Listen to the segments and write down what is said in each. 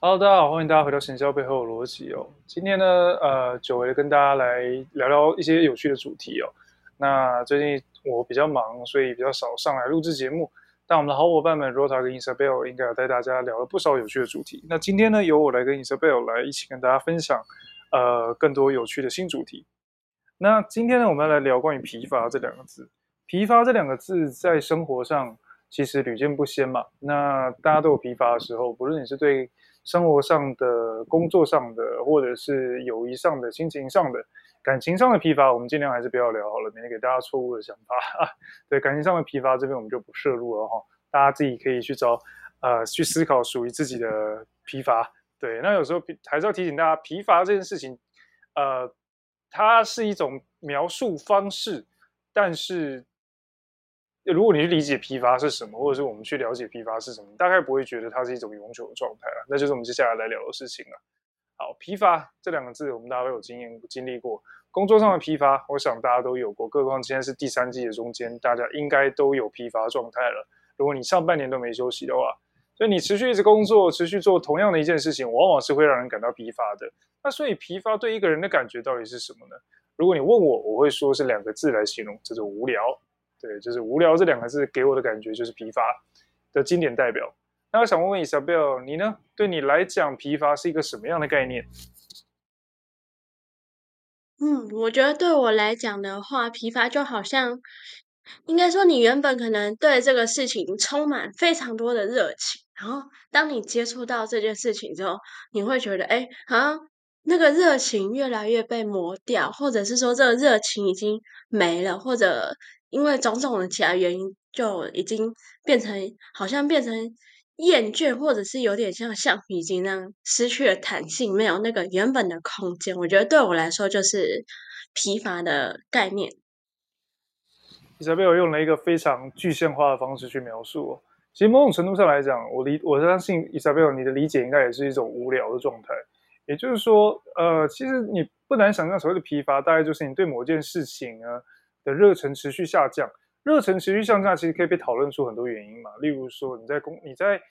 Hello，大家好，歡迎大家回到行銷背後的邏輯哦。今天呢，呃，久違的跟大家來聊聊一些有趣的主題哦。那最近我比較忙，所以比較少上來錄製節目，但我們的好夥伴們 Rota 跟 Isabel 應該有帶大家聊了不少有趣的主題。那今天呢，由我來跟 Isabel 來一起跟大家分享，呃，更多有趣的新主題。那今天呢，我們要來聊關於疲乏這兩個字。疲乏這兩個字在生活上其實屢見不鮮嘛。那大家都有疲乏的時候，不論你是對生活上的、工作上的，或者是友誼上的、親情上的、感情上的疲乏，我們盡量還是不要聊好了，免得給大家錯誤的想法。 對，感情上的疲乏，這邊我們就不涉入了哈，大家自己可以去找呃去思考屬於自己的疲乏。對，那有時候還是要提醒大家，疲乏這件事情，呃，它是一種描述方式，但是，如果你去理解疲乏是什麼，或者是我們去了解疲乏是什麼，你大概不會覺得它是一種永久的狀態了。那就是我們接下來來聊聊的事情了。好，疲乏這兩個字，我們大家都有經驗經歷過。工作上的疲乏，我想大家都有過。更何況今天是第三季的中間，大家應該都有疲乏狀態了。如果你上半年都沒休息的話，所以你持續一直工作，持續做同樣的一件事情，往往是會讓人感到疲乏的。那所以疲乏對一個人的感覺到底是什麼呢？如果你問我，我會說是兩個字來形容，叫做無聊。對，就是無聊這兩個字給我的感覺就是疲乏的經典代表。那我想問問你，小 Bill，你呢？對你來講，疲乏是一個什麼樣的概念？嗯，我覺得對我來講的話，疲乏就好像，應該說你原本可能對這個事情充滿非常多的熱情，然後當你接觸到這件事情之後，你會覺得，哎，啊，好像那個熱情越來越被磨掉，或者是說這個熱情已經沒了，或者。因為種種的其他原因，就已經變成好像變成厭倦，或者是有點像橡皮筋那樣失去了彈性，沒有那個原本的空間。我覺得對我來說，就是疲乏的概念。Isabel 用了一個非常具象化的方式去描述。其實某種程度上來講，我理我相信 Isabel 你的理解應該也是一種無聊的狀態。也就是說，呃，其實你不難想象，所謂的疲乏，大概就是你對某件事情啊，熱忱持續下降，熱忱持續下降其實可以被討論出很多原因嘛。例如說，你在，你在工，你在，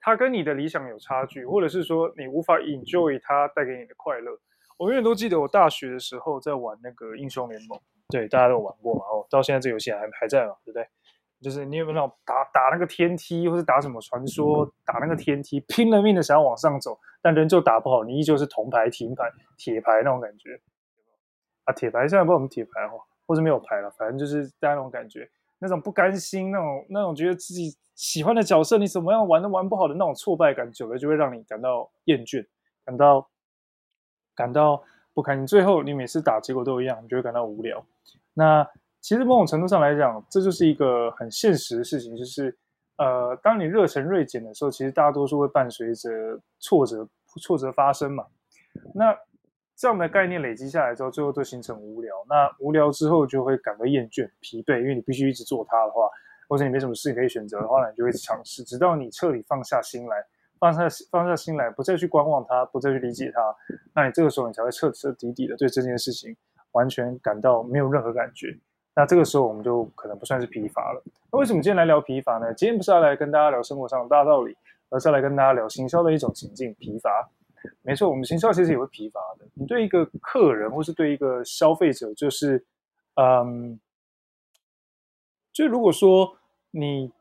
他跟你的理想有差距，或者是說你無法 enjoy 他帶給你的快樂。我永遠都記得我大學的時候在玩那個英雄聯盟，對，大家都玩過嘛。哦，到現在這遊戲還還在嘛，對不對？就是你有沒有那種打打那個天梯，或是打什麼傳說，打那個天梯，拼了命的想要往上走，但仍舊打不好，你依舊是銅牌、停牌、鐵牌那種感覺。有沒有？啊。鐵牌現在不我們鐵牌哈。或是沒有牌了，反正就是大家那種感覺，那種不甘心，那種那種覺得自己喜歡的角色，你怎麼樣玩都玩不好的那種挫敗感，久了就會讓你感到厭倦，感到感到不開心。最後你每次打結果都一樣，你就會感到無聊。那其實某種程度上來講，這就是一個很現實的事情，就是呃，當你熱忱銳減的時候，其實大多數會伴隨着挫折挫折發生嘛。那在我們的概念累積下來之後，最後就形成無聊。那無聊之後，就會感到厭倦、疲憊，因為你必須一直做它的話，或者你沒什麼事情可以選擇的話，那你就會嘗試，直到你徹底放下心來，放下放下心來，不再去觀望它，不再去理解它。那你這個時候，你才會徹徹底底的對這件事情完全感到沒有任何感覺。那這個時候，我們就可能不算是疲乏了。那為什麼今天來聊疲乏呢？今天不是要來跟大家聊生活上的大道理，而是要來跟大家聊行銷的一種情境——疲乏。沒錯，我們行銷其實也會疲乏的。你對一個客人或是對一個消費者，就是，嗯，就如果說你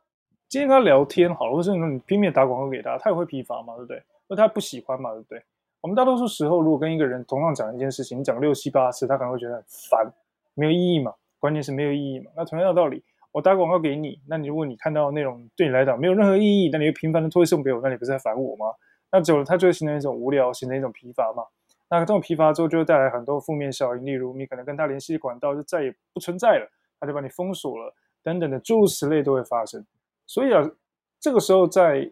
今天跟他聊天好了，或是你拼命打廣告給他，他也會疲乏嘛，對不對？那他不喜歡嘛，對不對？我們大多數時候，如果跟一個人同樣講一件事情，你講六七八次，他可能會覺得很煩，沒有意義嘛。關鍵是沒有意義嘛。那同樣的道理，我打廣告給你，那你如果你看到內容對你來講沒有任何意義，那你會頻繁的推送給我，那你不是在煩我嗎？那久了，它就會形成一種無聊，形成一種疲乏嘛。那這種疲乏之後，就會帶來很多負面效應，例如你可能跟他聯繫的管道就再也不存在了，他就把你封鎖了，等等的諸如此類都會發生。所以啊，這個時候在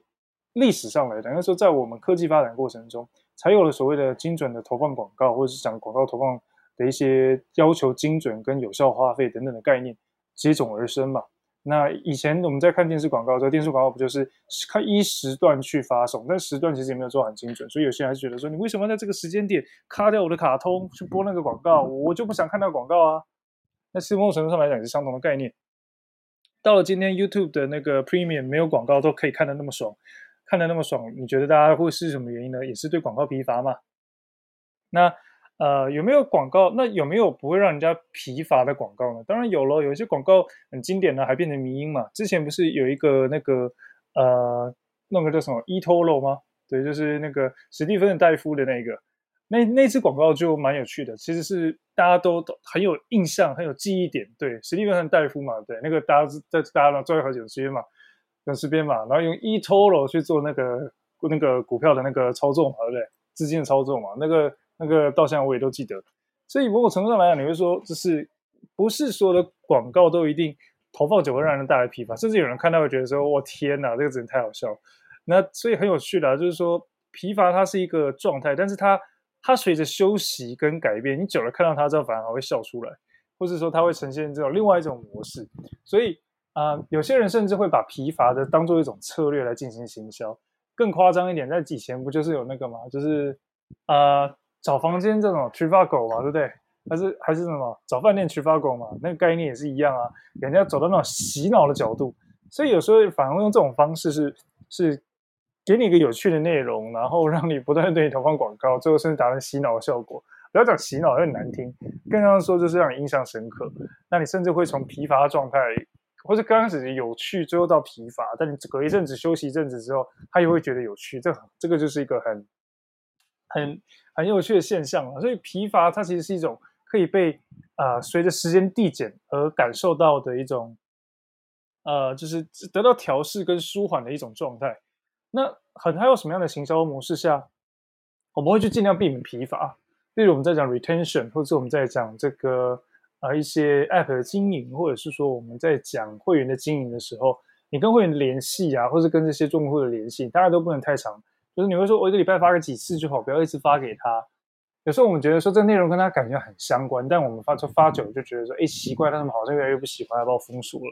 歷史上來講，那時候在我們科技發展過程中，才有了所謂的精準的投放廣告，或者是講廣告投放的一些要求精準跟有效花費等等的概念接踵而生嘛。那以前我們在看電視廣告的時候，電視廣告不就是看一時段去發送，但時段其實也沒有做很精準，所以有些人還是覺得說，你為什麼在這個時間點卡掉我的卡通去播那個廣告？我就不想看到廣告啊。那某種程度上來講，也是相同的概念。到了今天，YouTube 的那個 Premium 沒有廣告都可以看得那麼爽，看得那麼爽，你覺得大家會是什麼原因呢？也是對廣告疲乏嘛？那？呃，有沒有廣告？那有沒有不會讓人家疲乏的廣告呢？當然有咯，有一些廣告很經典的，還變成迷因嘛。之前不是有一個那個呃，那個叫什麼 “etoro” 嗎？對，就是那個史蒂芬戴夫的那個，那那次廣告就蠻有趣的，其實是大家都很有印象，很有記憶點。對，史蒂芬和戴夫嘛，對，那個大家在大家那做很久時間嘛，很長時間嘛，然後用 etoro 去做那個那個股票的那個操作嘛，對不對？資金操作嘛，那個。那個到現在我也都記得，所以某種程度上來講，你會說，就是不是所有的廣告都一定投放久會讓人帶來疲乏，甚至有人看到會覺得說，我天啊，這個真的太好笑。那所以很有趣的啊，就是說疲乏它是一個狀態，但是它它隨着休息跟改變，你久了看到它之後，反而還會笑出來，或是說它會呈現這種另外一種模式。所以啊、呃，有些人甚至會把疲乏的當做一種策略來進行行銷。更誇張一點，在以前不就是有那個嘛，就是呃。找房間這種 Trivago 嘛，對不對？還是還是什麼找飯店 Trivago 嘛？那個概念也是一樣啊。人家走到那種洗腦的角度，所以有時候反而用這種方式是是給你一個有趣的內容，然後讓你不斷的對你投放廣告，最後甚至達成洗腦的效果。不要講洗腦，很難聽，更剛剛說就是讓你印象深刻。那你甚至會從疲乏的狀態，或者剛開始有趣，最後到疲乏。但你隔一陣子休息一陣子之後，他又會覺得有趣。這這個就是一個很。很很有趣的現象啊！所以疲乏它其實是一種可以被呃隨着時間遞減而感受到的一種，呃，就是得到調試跟舒緩的一種狀態。那很還有什麼樣的行銷模式下，我們會去儘量避免疲乏？例如我們在講 retention，或者是我們在講這個啊、呃、一些 app 的經營，或者是說我們在講會員的經營的時候，你跟會員聯繫啊，或者跟這些做用戶的聯繫，大家都不能太長。就是你會說，我一個禮拜發個幾次就好，不要一直發給他。有時候我們覺得說，這內容跟他感覺很相關，但我們發就發久，就覺得說，哎，奇怪，他怎麼好像越來越不喜歡，要把我封鎖了？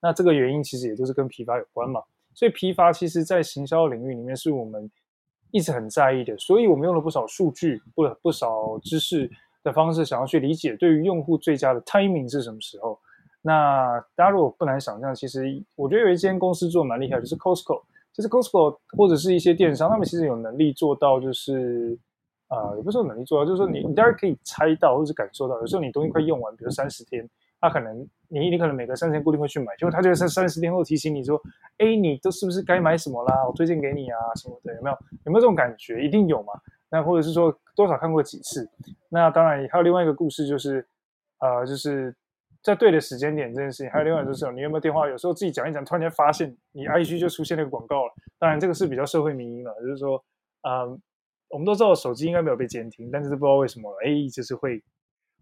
那這個原因其實也都是跟疲乏有關嘛。所以疲乏其實在行銷領域裡面是我們一直很在意的，所以我們用了不少數據，不不少知識的方式，想要去理解對於用戶最佳的 timing 是什麼時候。那大家如果不難想象，其實我覺得有一間公司做得蠻厲害，就是 Costco。其實 Costco 或者是一些電商，他們其實有能力做到，就是啊、呃，也不是有能力做到，就是說你你當然可以猜到或者感受到，有時候你東西快用完，比如三十天，他、啊、可能你你可能每隔三十天固定會去買，結果他就是三十天後提醒你說，哎，你都是不是該買什麼啦？我推薦給你啊什麼的，有沒有有沒有這種感覺？一定有嘛？那或者是說多少看過幾次？那當然還有另外一個故事就是，呃，就是。在對的時間點這件事情，還有另外就是，你有沒有電話？有時候自己講一講，突然間發現你 IG 就出現那個廣告了。當然，這個是比較社會迷因了，就是說，嗯、呃，我們都知道手機應該沒有被監聽，但是不知道為什麼，哎，就是會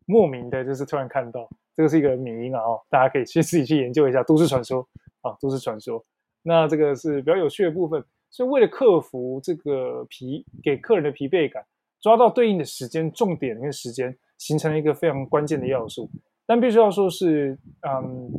莫名的，就是突然看到，這個是一個迷因啊，大家可以去自己去研究一下都市傳說啊，都市傳說。那這個是比較有趣的部分。所以，為了克服這個疲給客人的疲憊感，抓到對應的時間、重點跟時間，形成了一個非常關鍵的要素。但必須要說是，是嗯，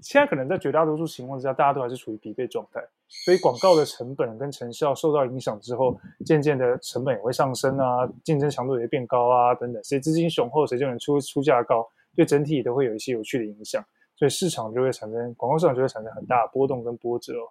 現在可能在絕大多數情況之下，大家都還是處於疲憊狀態，所以廣告的成本跟成效受到影響之後，漸漸的成本也會上升啊，競爭強度也會變高啊，等等，誰資金雄厚，誰就能出出價高，對整體也都會有一些有趣的影響，所以市場就會產生廣告市場就會產生很大的波動跟波折哦。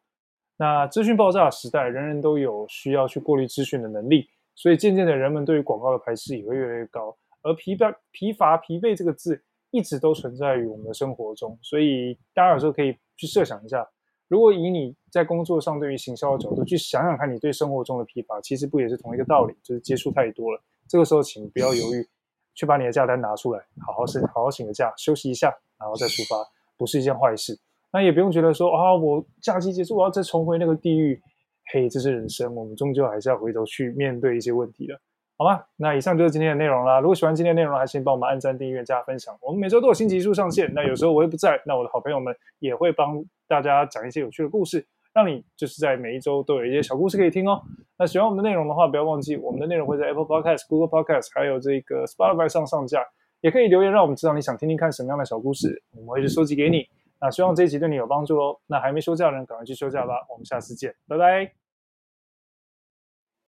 那資訊爆炸的時代，人人都有需要去過濾資訊的能力，所以漸漸的，人們對於廣告的排斥也會越來越高。而疲倦、疲乏、疲憊這個字一直都存在於我們的生活中，所以大家有時候可以去設想一下，如果以你在工作上對於行銷的角度去想想看，你對生活中的疲乏，其實不也是同一個道理？就是接觸太多了，這個時候請不要猶豫，去把你的假單拿出來，好好生，好好請個假，休息一下，然後再出發，不是一件壞事。那也不用覺得說啊、哦，我假期結束，我要再重回那個地獄。嘿，這是人生，我們終究還是要回頭去面對一些問題的。好吧，那以上就是今天的內容啦。如果喜歡今天的內容，還請幫我們按讚、訂閱、加分享。我們每周都有新集數上線。那有時候我會不在，那我的好朋友們也會幫大家講一些有趣的故事，讓你就是在每一周都有一些小故事可以聽哦。那喜歡我們的內容的話，不要忘記我們的內容會在 Apple Podcast、Google Podcast，還有這個 Spotify 上上架。也可以留言讓我們知道你想聽聽看什麼樣的小故事，我們會去收集給你。那希望這一集對你有幫助哦。那還沒休假的人，趕快去休假吧。我們下次見，拜拜。